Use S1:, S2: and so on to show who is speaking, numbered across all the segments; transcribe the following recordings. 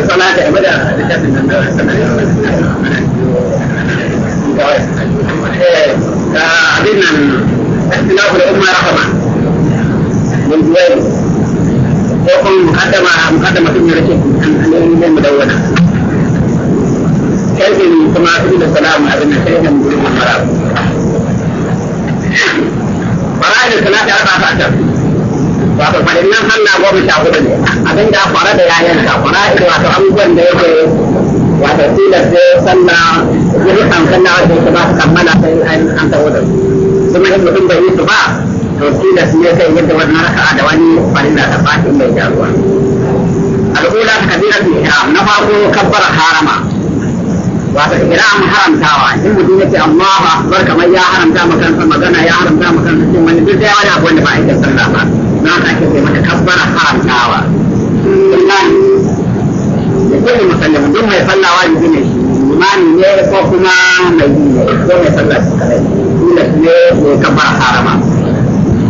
S1: كتاب الصلاة بدأ كتاب عبدنا اختلاف الأمة رحمة من جواب وكم مقدمة مقدمة ابن رشيد عن المدونة كيف كما تريد السلام عبدنا شيئا من قلوب المرأة wato farillan sallah goma sha hudu ne abin da fara da yayan ka fara ita wato abubuwan da yake wato tilas ne sallah rukun na da yake ba su kammala sai an an taho da su kuma mutum da yi su ba to tilas ne sai yadda wannan raka'a da wani da ta fati mai jaruwa al'ula ta kabira ta na farko kabbar harama wato kiram haramtawa in mutum ya ce Allahu akbar kamar ya haramta ma kansa magana ya haramta ma kansa cin wani duk da wani abu wanda ba a yi sallah ba na haka ake ce mata kabbara haramtawa da kullu musallin duk mai sallah wajibi ne imani ne ko kuma mai yi ne ko mai sallah shi kadai kila ne mai kabbara harama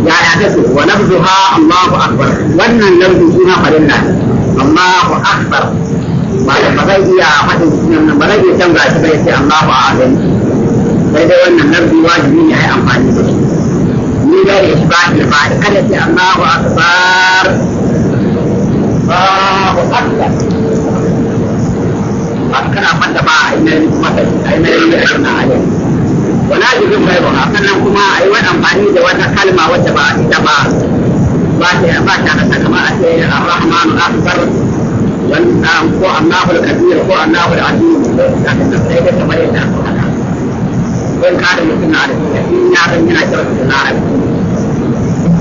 S1: Ya ta so wa nafsuha Allahu akbar wannan lafzin suna farilla Allahu akbar kar san ba shi bai sai Allahu a'lam sai dai wannan nabi wajibi ne ai amfani da shi ni da isbati ba kada sai Allahu akbar Allahu akbar kana fata ba a ina ne kuma a ina ne a ina ne wala jibin bai ba sannan kuma a yi wani amfani da wata kalma wacce ba ita ba ba ta ba ta kasa kamar a ce ar-rahmanu akbar wannan ah, ko Allahul Kabir ko Allahul Azim da ka sai da kamar yadda aka faɗa don mutum na da in ya ga yana na larabci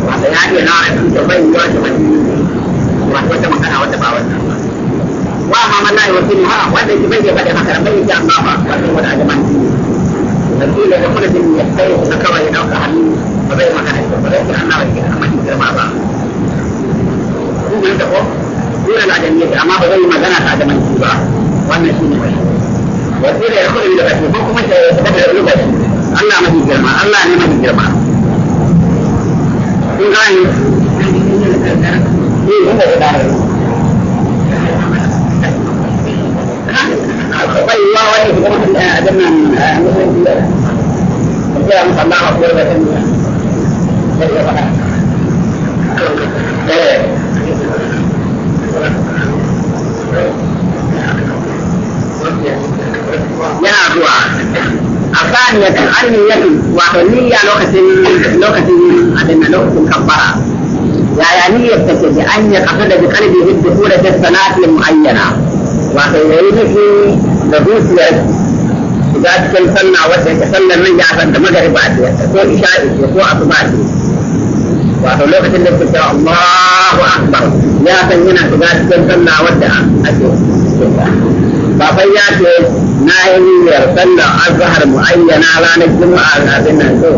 S1: wanda ya ce larabci da bai yi wata wani wata magana wata ba wannan wa ma man la yusilu ha wanda ki bai faɗa haka bai ji amma ba wannan wani ajaman da kila da kuma jin ya kai da kawai ya dauka hannu ba bai magana ba bai Allah bai ji amma ba ko دون العدمية أما بغير ما دنت عدم الاتباع وأن شيء وسيلة يخرج من لغته فوق مش يتبع لغته الله ما في جرمه الله ما في جرمه إن كان إيه هو طيب الله ولي في قرآن أدنى من مسلم جاء مصلى رسول الله صلى الله عليه وسلم yana zuwa a saniyar anniyyatu wato niyya lokacin lokacin abin da lokacin kabbara yaya niyyar ta ce bi an ya kafa da kalbi hidda ko da sanatin muayyana wato yayi nufi da zuciyar shiga cikin sallah wacce ta sallar nan ya san da magariba ce ko isha'i ko asuba ce wato lokacin da suke cewa Allahu Akbar ya san yana shiga cikin sallah wadda ake ba fai ya ce na yi niyyar sallar azhar muayyana ranar juma'a a abin nan so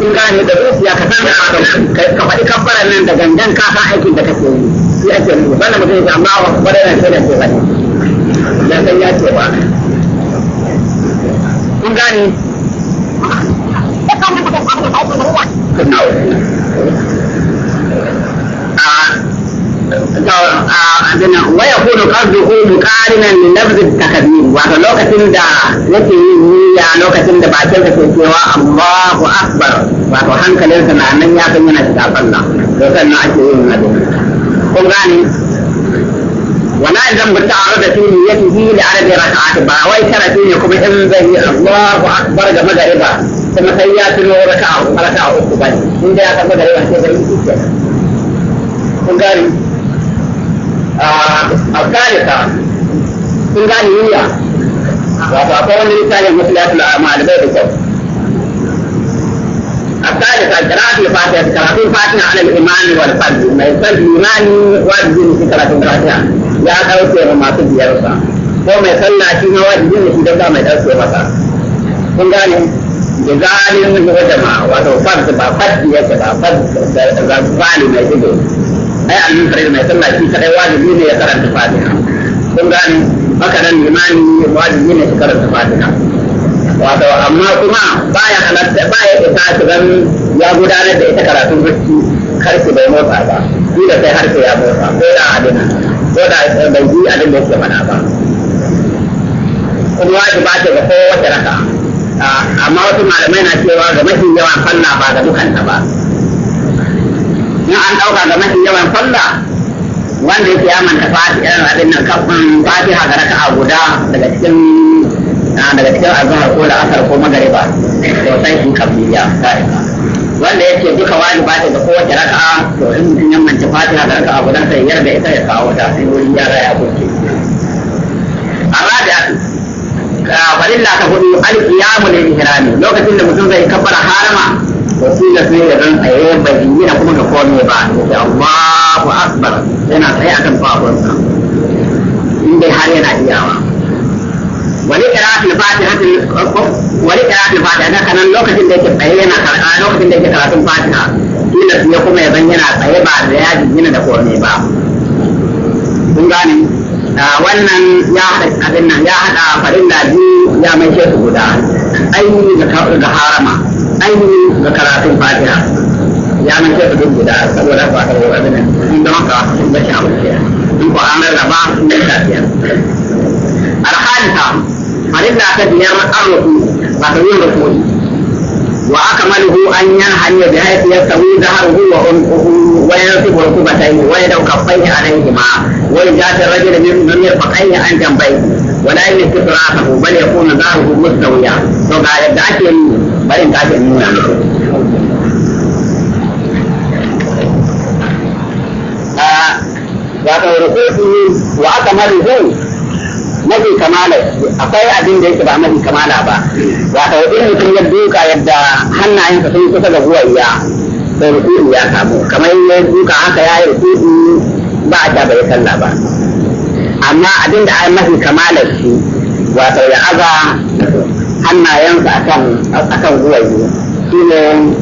S1: kun gane da zuciya ka san ka faɗi kabbaran nan da gangan ka san aikin da kake yi shi ake nufi sannan mutum ya amma wa kabbaran nan sai da ke faɗi ya san ya ce ba kun gane wa ya kudu kardu ku mukarinan da nafzin da yake yin niyya lokacin da bakin da ke cewa Allahu Akbar wato yana shiga sallah to ake yin nabi
S2: وما ذنبك عرضت من
S1: يده لعدد ركعات براوي ثلاثين يكم إن به الله أكبر جمد ربا ثم سيئات وركع ركع أكبر من ذي أكبر جمد ربا في يمكن كيف يمكن الثالثة من قال هي وفاقون الإنسان المسلحة الأعمال بيبتو الثالثة الجراءة في فاتحة الثلاثين فاتحة على الإيمان والقلب ما يسمى الإيمان والدين في ثلاثين ثلاثين ya ɗauke ma masu ziyarta ko mai sallah shi ma wajibi ne shi don ba mai ɗauke masa kun gane da zalimin wa jama'a wato fard ba fard ya ce ba fard da zali mai ido ai annin fard mai sallah shi kadai wajibi ne ya karanta fatiha kun gane haka nan limani wajibi ne ya karanta fatiha wato amma kuma baya halatta baya ita zan ya gudanar da ita karatun bacci Karfe bai motsa ba da sai harfe ya motsa ko da abin ko da eh, bai yi abin da yake mana ba kuma wajiba ce ga kowace raka ah, amma wasu malamai na cewa ga mafi yawan falla ba ga dukanta ba in an ɗauka ga mafi yawan falla wanda yake ya manta fatiha eh, abin nan kafin fatiha ga a guda daga cikin ah, daga cikin azhar ko da asar ko magariba to sai shi kabliya sai wanda yake duka wani ba ta da kowace raka to in mutum ya manta fatiha da raka abu dan sai da ita ya kawo ta sai wurin yara ya goke amma da farilla ta hudu qiyamu lil ihrami lokacin da mutum zai kabbara harama to sai da sai ya dan ayi bai yi kuma ga komai ba ya Allahu akbar yana tsaye akan fafuwarsa in dai har yana iyawa wani qira'atul fatiha wani qira'atul fatiha da kanan lokacin da yake tsaye yana karatu lokacin da yake karatun fatiha tilas kuma ya yana tsaye ba da ya jingina da komai ba
S2: wannan ya haɗa abin nan ya haɗa
S1: farilla biyu ya mai guda ainihi ga harama ainihi ga karatun fatiha ya ce su duk guda saboda ba ta wani in don haka sun bashi a wuce in ko an rarraba sun yi tafiya الخامسة فلله تبير الركوع فتبير الركوع وأكمله أن ينحني بحيث يستوي ظهره وعنقه وينصب ركبتيه ويدعو كفيه عليهما ويجاز الرجل من مرفقيه عن جنبيه ولا يمسك راسه بل يكون ظهره مستويا فقال ادعك بل انت المولى wato rukuku wa aka maruhu mafi kamala akwai abin da yake ba mafi kamala ba wato irin mutum ya duka yadda ka sun kusa zuwa buwayya to rukudu ya samu kamar ya duka haka ya yi rukudu ba a bai sallah ba amma abin da ai mafi kamala shi wato ya aza hannayensa akan akan buwayya shine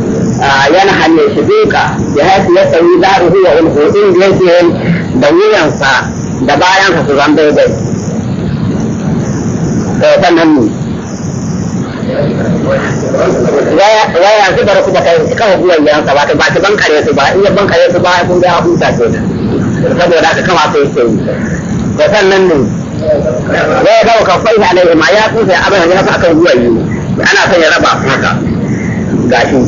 S1: yana hanyar shi duka ya haifi ya tsayi zaruhu wa ulhu inda da wuyansa da bayansa su zan bai sannan waya su bar kuma kai kawo buwan yan sa wato ba ki bankare su ba iya bankare su ba kun ga huta ce saboda haka kama sai ke yi to sannan ne waya ga ka fai alaihi ma ya kusa abin da haka akan buwan yi ana son ya raba haka gashi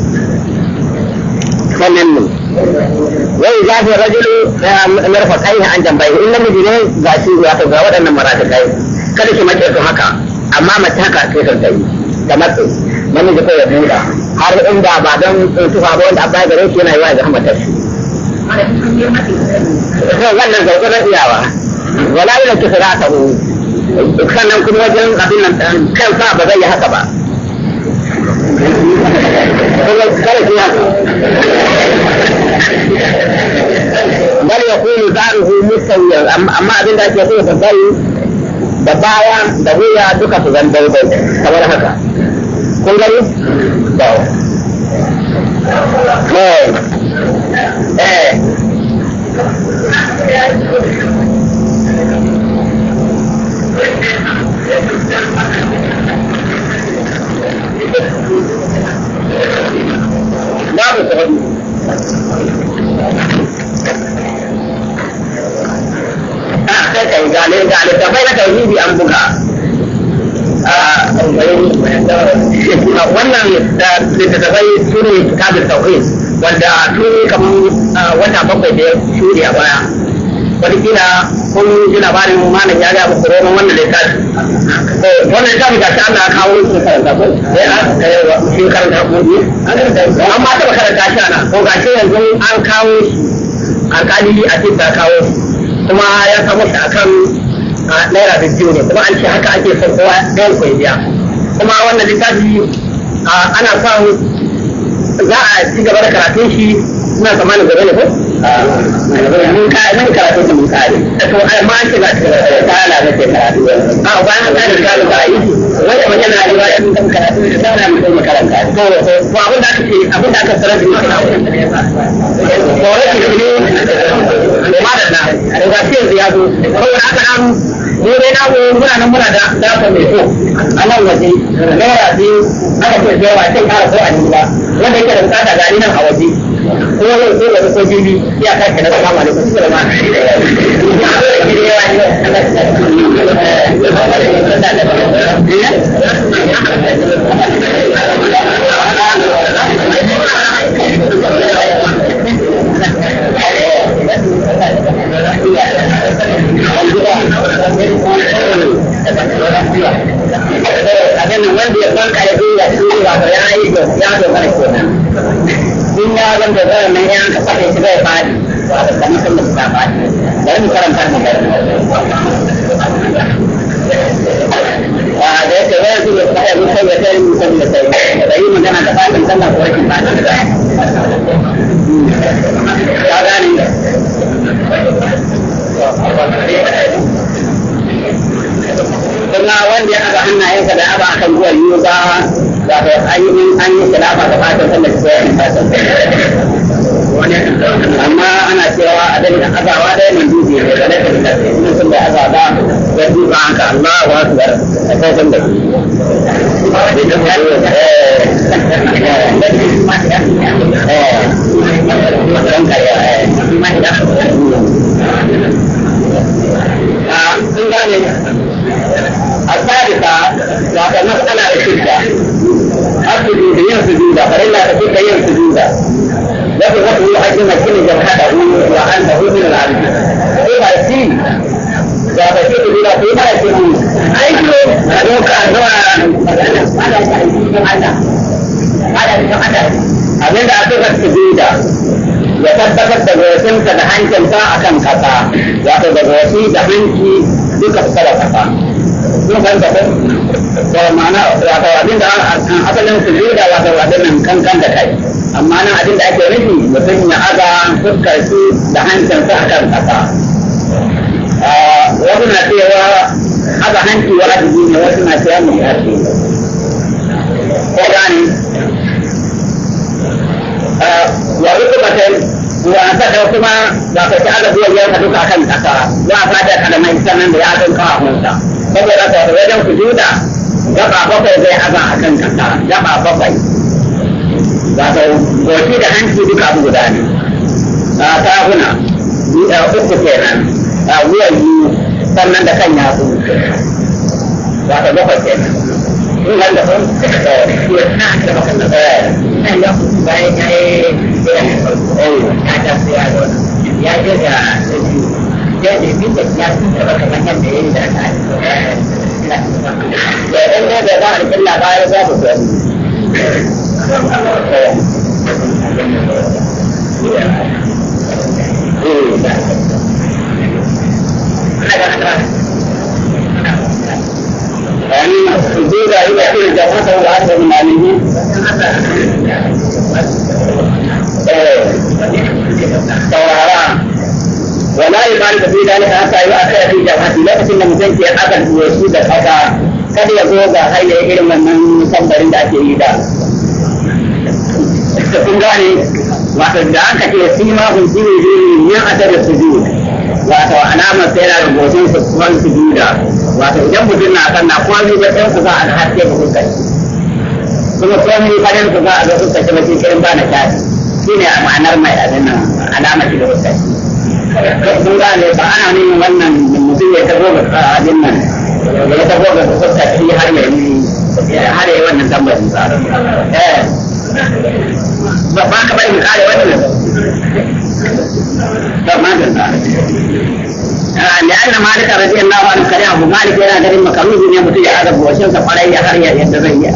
S1: sannan ne wai za ta rajulu eh, mirfa kai an jambai in namiji ne gashi wato ga waɗannan maratakai kada ki mace su haka amma mace haka sai son ta yi ta matse namiji ko ya buɗa har inda ba don tufa ba wanda abba gare shi yana yi wa ga hamatar shi eh, wannan na iyawa wala yana ta sannan kuma wajen abin nan kan sa ba zai yi haka ba bal ya kunu amma abin da ake so ya da baya da wuya duka su zan daidai kamar haka kun gani da eh babu sababi sai kai ga ne ga littafai na tauhidi an buga ah, wannan littattafai su ne tauhid wanda kamar ah, wata bakwai da a baya wani kun ji labarin malam ya ga muku roman wannan littafi wannan littafi ga Allah ya kawo shi karanta ko sai eh, ah, shi karanta ko eh, amma ta karanta shi ana ko ga yanzu an kawo alkali a cikin ta kawo kuma ya samu shi akan naira da biyu ne kuma an ce haka ake son kowa ɗayan ku biya kuma wannan littafi ana son za a ci gaba da karatun shi suna tsammanin gaba ne ko mun ka karatu da mun kare to ai ma ce ba ta ta la ne ke karatu a bayan ka da ba yi yana yi kan karatu da ta na mutum to to abin da ake abin da aka da to ne ma da yanzu ya zo saboda haka nan mu dai na mu muna nan muna da dafa mai ko a nan waje naira biyu aka ce da yawa so a ba wanda yake da bukata nan a waje ko yau sai da ya kai ka na salamu alaikum sallallahu मैंने यहाँ सब ऐसे गए बाहर करने से मुझे बाहर गर्म गर्म करने जैसे वह जो है मुझे वैसे मुझे वैसे रही मुझे ना दफा में सब थोड़ी सी बात कर रहा है ज्यादा नहीं ثم وان بأبا حنا يسد أبا خلوه اليوزا أي من أن يسد أبا تفاتل ثم تسوى amma ana cewa adadin azaba da yana jizi da kada ka da shi sun da azaba da duk ran ka Allah wa akbar sai san da sun gane a tsarika wata matsala da shirka da yin sujuda farilla ta fi da yin sujuda lakin wata yi hajjin na kini jan hada wani wa'an da hudun al'adu ko ba shi da ba shi sujuda ko ba shi ne aiki ne a doka zuwa ana shi aiki ne ana ana shi ana abin da aka fi sujuda ya tabbatar da gosinsa da hankinsa a kan kasa wato da gosi da hanki duka su kasa kun san da Eh, ma'ana wato abin da asalin da wato abin nan kankan da kai amma nan abin da ake nufi mutum ya aza fuskar su da hancinsa a kan ƙasa eh, wasu na cewa aza hanci wa ajiyi ne wasu na cewa mu yarfi ko gani eh, wa rukubatai wa sata kuma ba ka ci aza biyar yau ka duka kan ƙasa za a fata kalamai sanan da ya kan kawo hunsa saboda ka wajen sujuda gaba bakwai zai aza a kan kasa gaba bakwai wato goshi da hanci duka abu guda ne a taguna uku kenan a wuyayi sannan da kan yatsu wato bakwai kenan Bulan da kan kasa na da bakan da kan ya kusa bayan ya yi ya ta siya da ya je da da biyu ya je bin da ya tuka kamar yadda ya yi da ta نعرف إلا فيروسات السعودية
S2: يجوز أن يكون جسده أكثر من
S1: عليه ولا يبالغ في ذلك حتى يؤثر في جبهته لا يتم من ذلك أبدا ويسود kada ya zo ga har ya irin wannan musabbarin da ake yi da kun gane wato da aka ce sima hun sima jini yin asar da sujud wato alamar sai da rubutun su kuma da. wato idan mutum na kan na kuma zai bacin ku za a haske ku kuka kuma kuma n'i farin ku za a ga kuka kuma shi kirin ba na tashi shi ne a ma'anar mai abin nan alamar shi da kuka kun gane ba ana nuna wannan mutum ya tabo ga abin nan da ya tabo ga sassafi har ya yi har ya yi wannan tambayar eh ba ba ka bari mu kare wannan ba ma da لأن مالك رضي الله عنه كان أبو مالك يرى قد مكروه من يموت يا هذا أبو شمس فرعي يحري يتزيي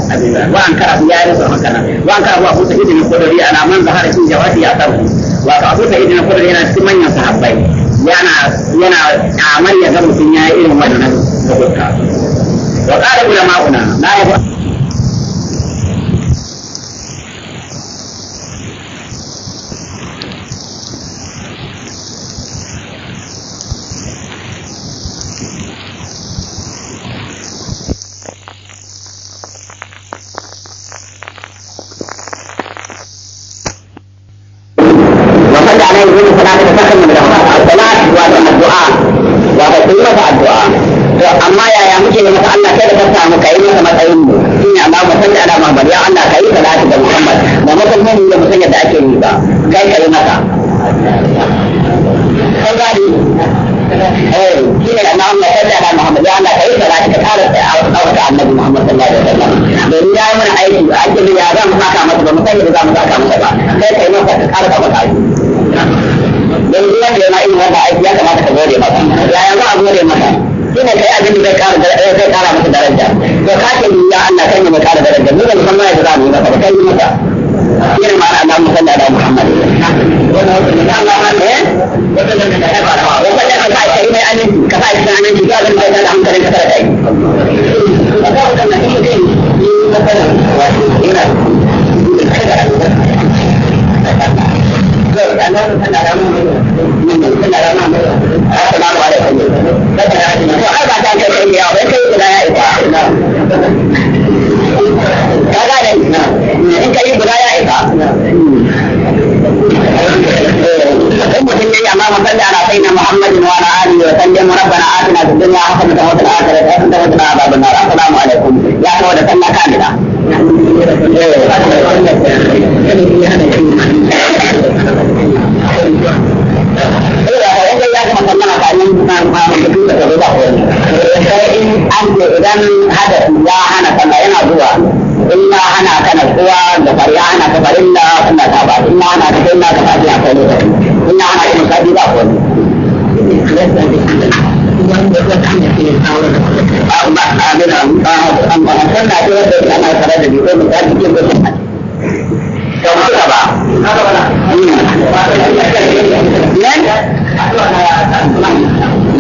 S1: وأنكر أبو يارس ومكنا وأنكر أبو أبو سعيد الخدري على من ظهر في جواتي يعتبر wato abu sai idan kudur yana cikin manyan sahabbai yana yana kamar ya ga mutum ya yi irin wannan hukunta wa qala ulama'una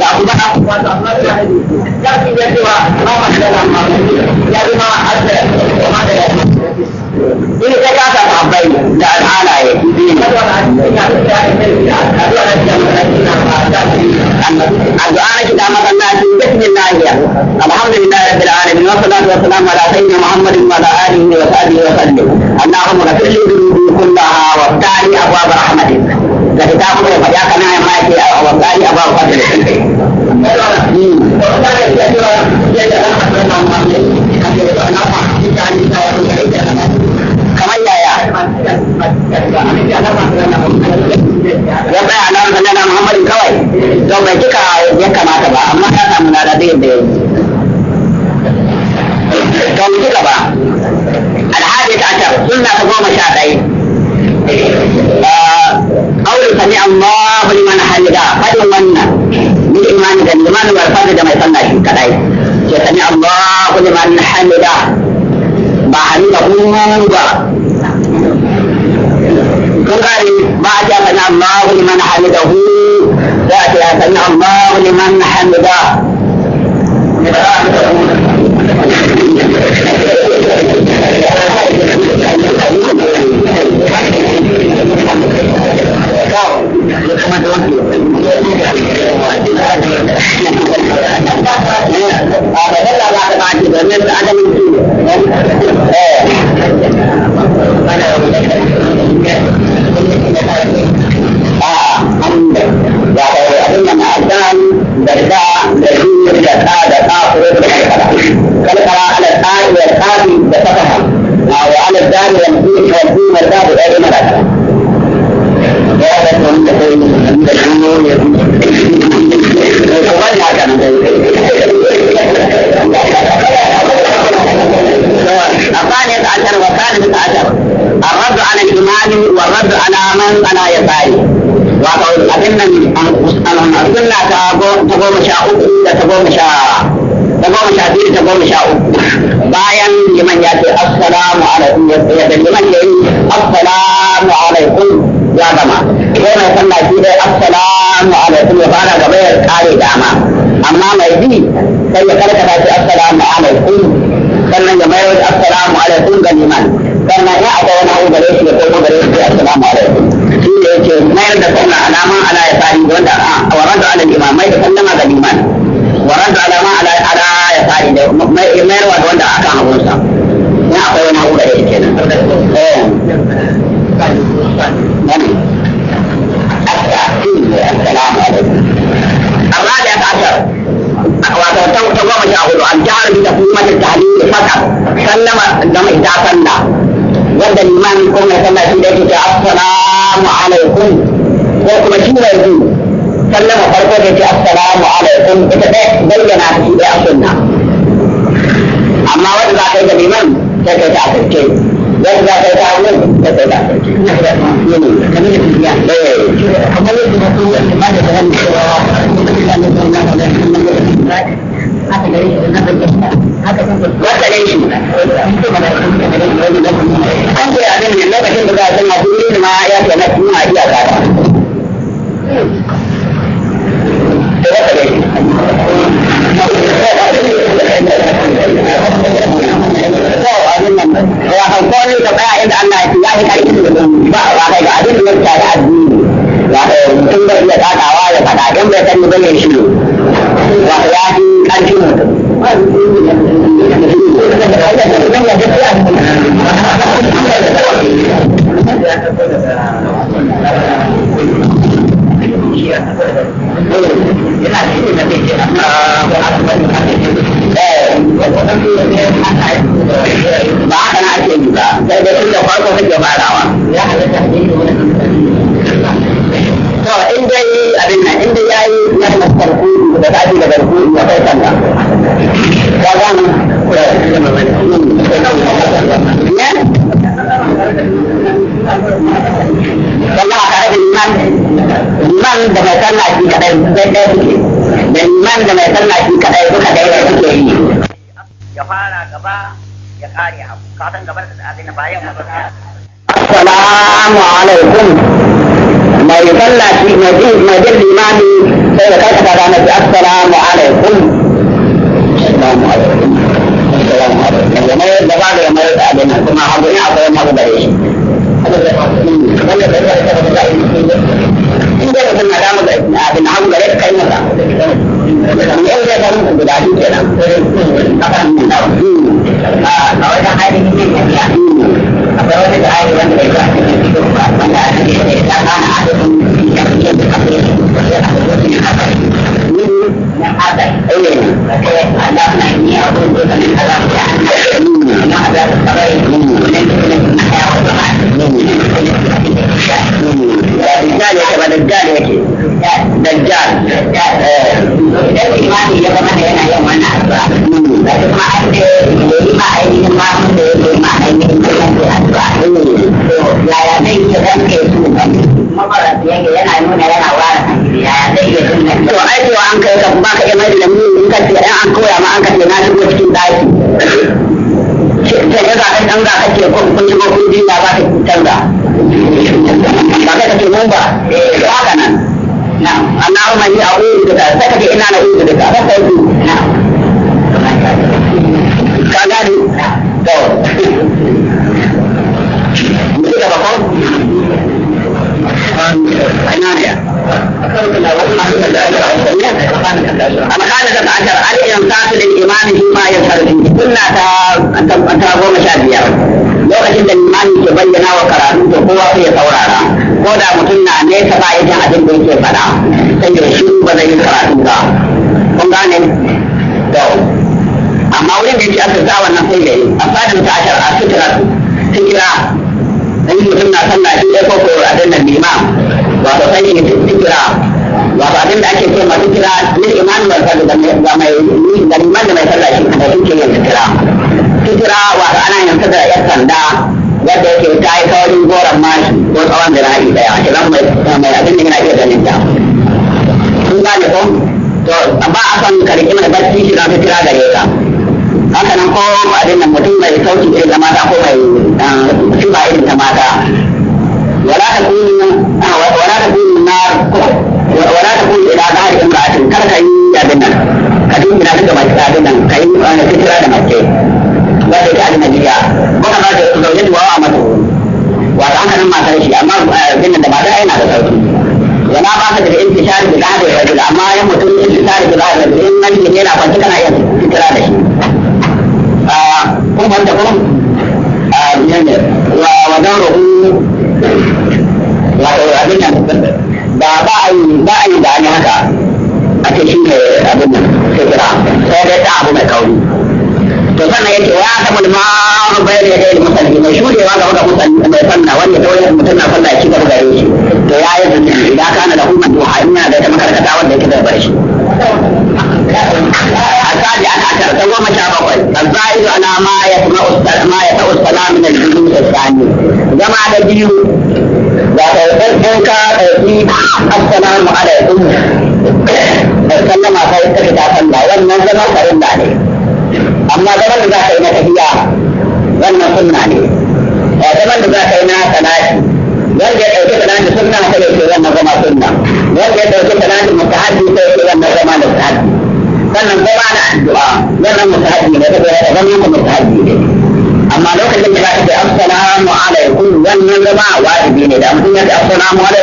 S1: تأخذها تأتي بها ما مخلنا يا بما أنت وماذا يأتي إن زكاة الحبين لا العالى يدين الدعاء كتاب الناس بسم الله الحمد لله رب العالمين والصلاة والسلام على سيدنا محمد وعلى آله وصحبه وسلم اللهم اغفر لي ذنوبي كلها وافتح لي أبواب رحمتك da ta kuma ya kana ya mace a wasari a ba ku da Kamar yaya? Ya tsaya Muhammadin kawai, don bai kika ya kamata ba, amma ya samu na da zai da yau. Don kika ba, alhadi ta ashar, suna ta goma sha ɗaya.
S2: kau lihat ni Allah bagaimana hal ni dah pada
S1: mana ni iman dan iman luar pada dalam Islam lagi kadai kita ni Allah bagaimana hal ni dah bahari lah umum juga kembali bahagia Allah bagaimana hal ni Allah bagaimana hal mai dama amma mai bi sai ya karkata shi assalamu alaikum sannan ya mayar da assalamu alaikum ga liman sannan ya aka wani abu gare shi ya kai gare shi assalamu alaikum shi ne yake mayar da sunna alama ala ya fari wanda a waranta ala limamai da sallama ga liman waranta alama ala ya fari da mayarwa da wanda akan sa. بعد التعليل فقط سلم الدم إذا صلى وند الإمام يقوم يسمى في ذلك السلام عليكم وكما شنو يقول
S2: سلم فرقه يقول السلام عليكم إذا بين في السنة أما وجه بعد
S1: الإمام كيف تعتقد dan tidak saya tahu saya tidak ini kami tidak kembali ke satu yang kemarin dengan apa dari sebenarnya matsalai shi an ce abin da
S2: lokacin da za a sanya duk yin ma ya ce na kuma
S1: iya السلام عليكم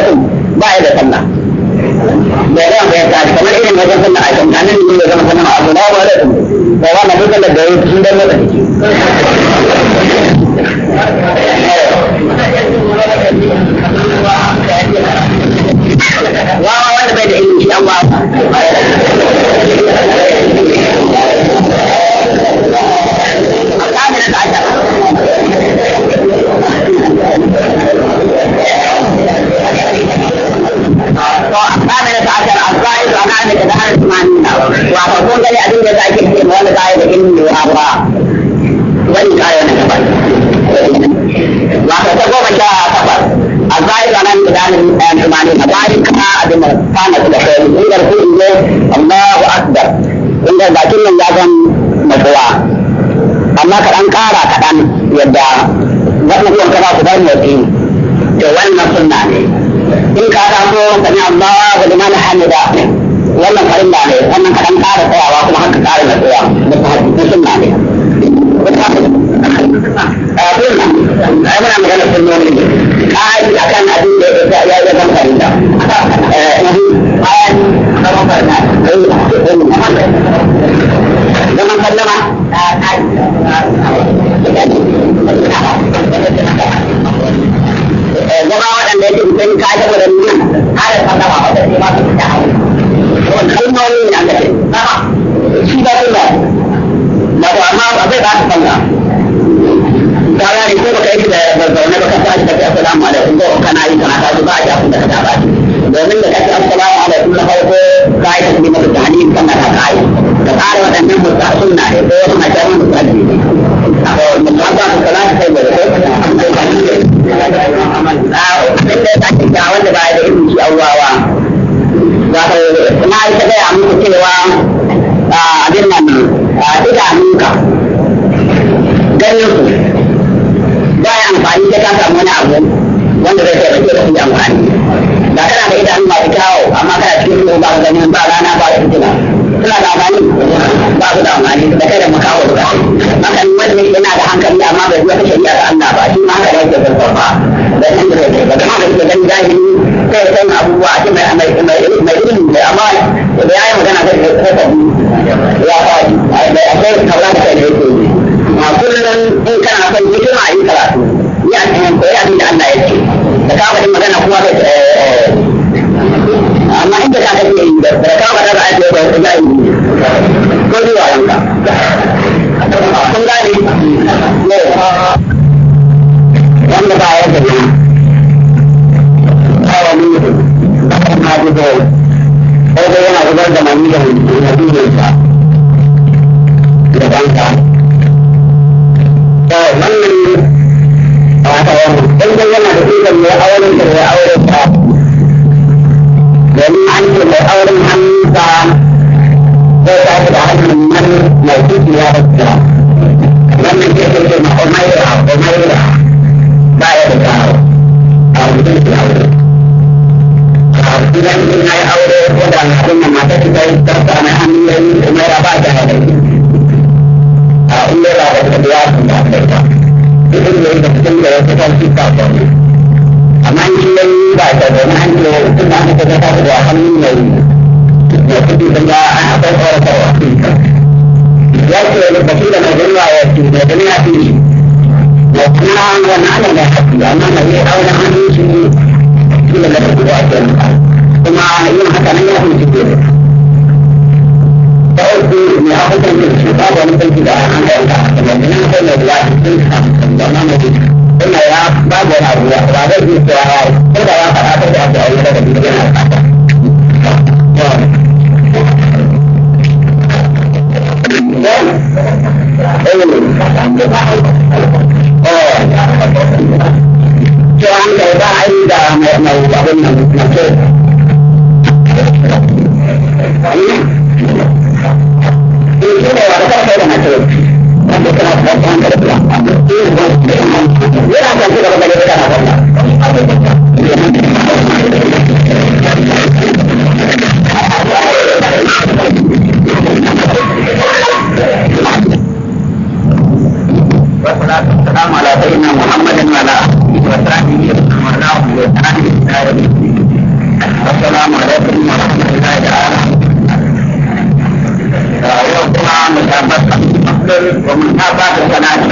S1: da duniya fi shi da kuma wani ana da na zai aure hannun shi tun daga da kuwa ke kuma yin haka nan ya fi shi ke ta uku ne a hukun da shi ba wani sarki da an ɗauka da jinin kai mai ruwa a cikin sa da ma mutu ina ya ba wani abu ya ba zai iya ya yi ko da ya faɗa ko da ya yi. daga jirgin đây làm cái bài ờ cho ăn cái bài là mẹ mày bảo bên nằm nằm chơi Dia akan tidak kembali ke tanah ومحافظة صلاة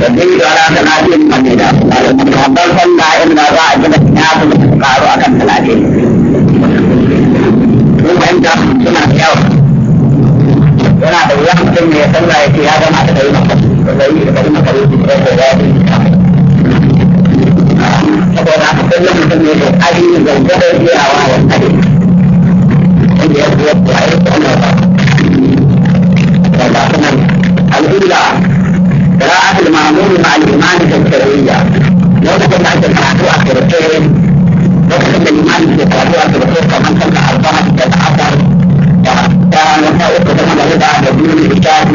S1: وفي على صلاة المدينة وقال صلى ابن الرائد بن كتاب وقالوا أكم ثلاثين ثم أنت سنة يوم ولا تقول كم يصلى في هذا ما تدري ما تدري saboda haka kullum mutum ne kokari zanzabar iyawa ya tsare inda ya zuwa kwaye kwanar ba الأولى قراءة المأمون مع الإمام كالسرية لو تجمعت الحرف آخرتين وكتب الإمام في الحرف آخرتين كمان صلى أربعة تتعثر كان وثائق كمان رضا بدون الكتاب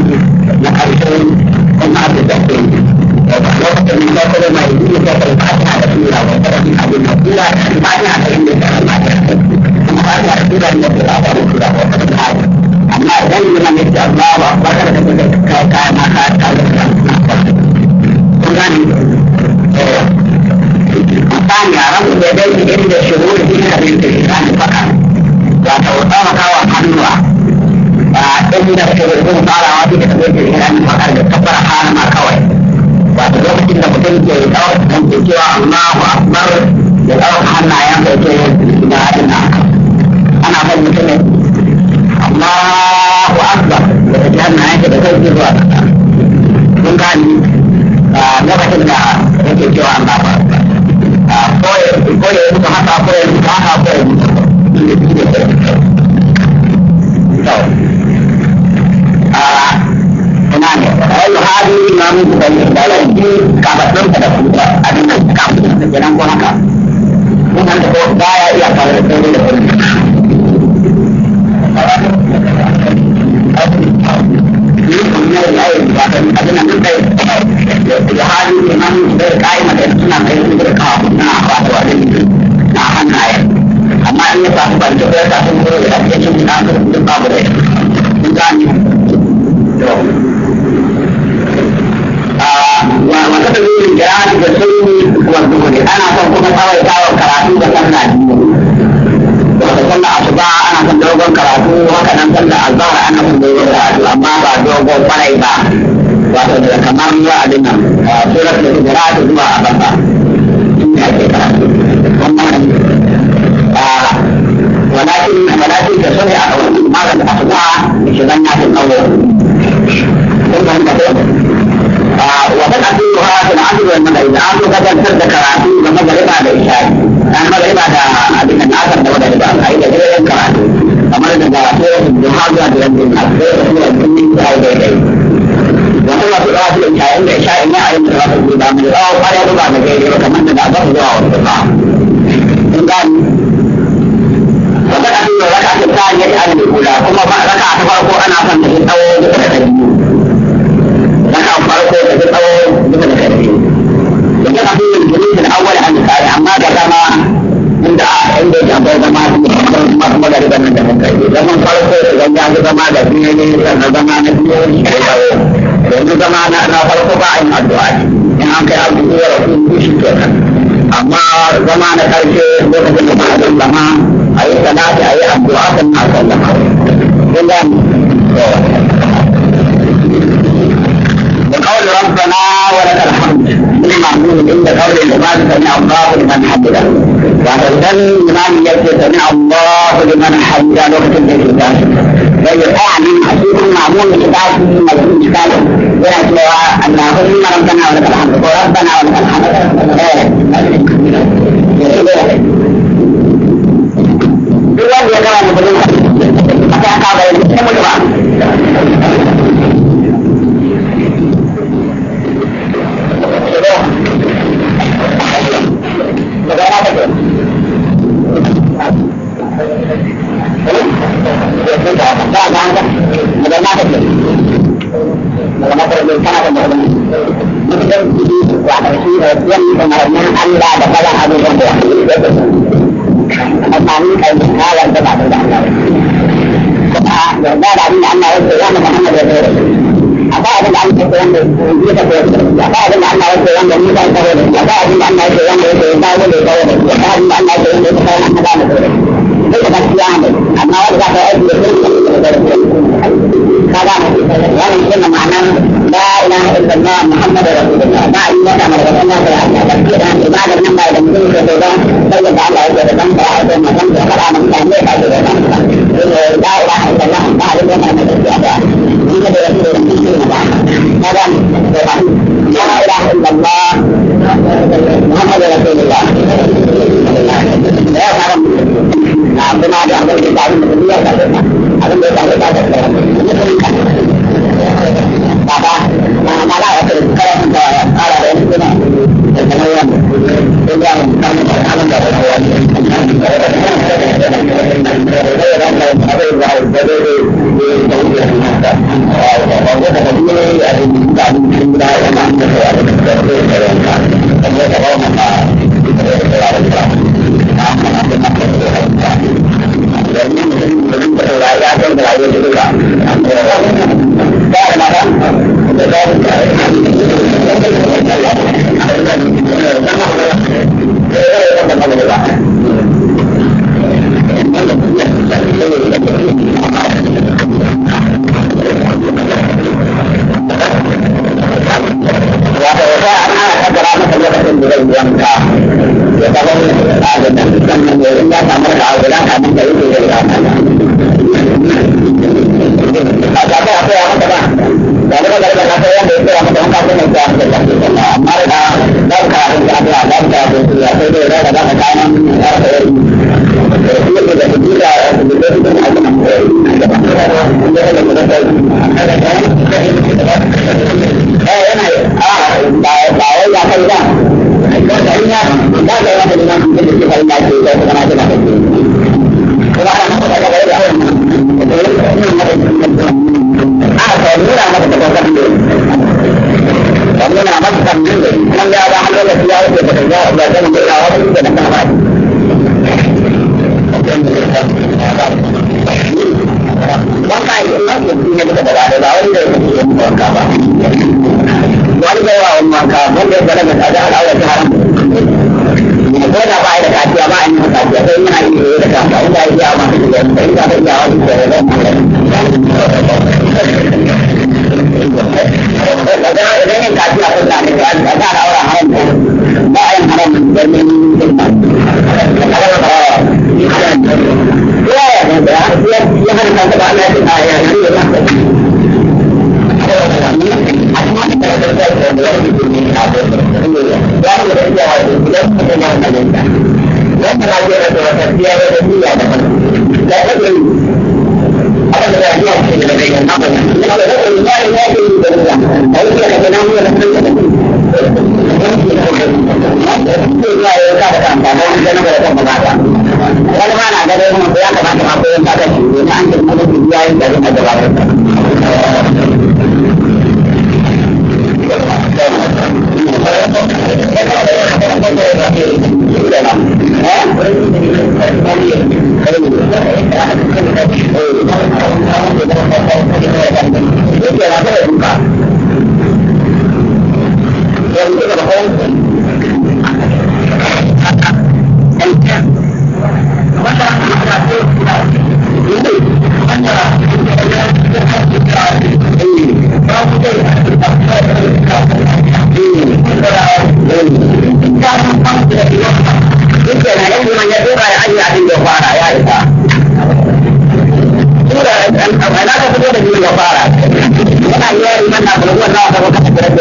S1: نقلتين هم عبد الدكتين وقت من ذاك ما يجي ذاك الفاتحة الأولى وقرأت الحديث الأولى الفاتحة فإن الفاتحة الأولى الفاتحة الأولى الفاتحة الأولى amma idan liman ya ce Allahu akbar kada ka buga ka ka na ka ka kun gane kan yaran da dai inda shuruɗi din da bin da kan faka wato tsamakawa hannuwa ba inda shuruɗin farawa take da bin da kan faka da kafara harama kawai لمن حمده فهذا من يقول سمع الله لمن حمده وقت الافتتاح فيعني أصيب معمول كتاب مجموع كتاب يقول اللهم ربنا ولك الحمد ربنا ولك الحمد إيه.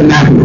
S1: النار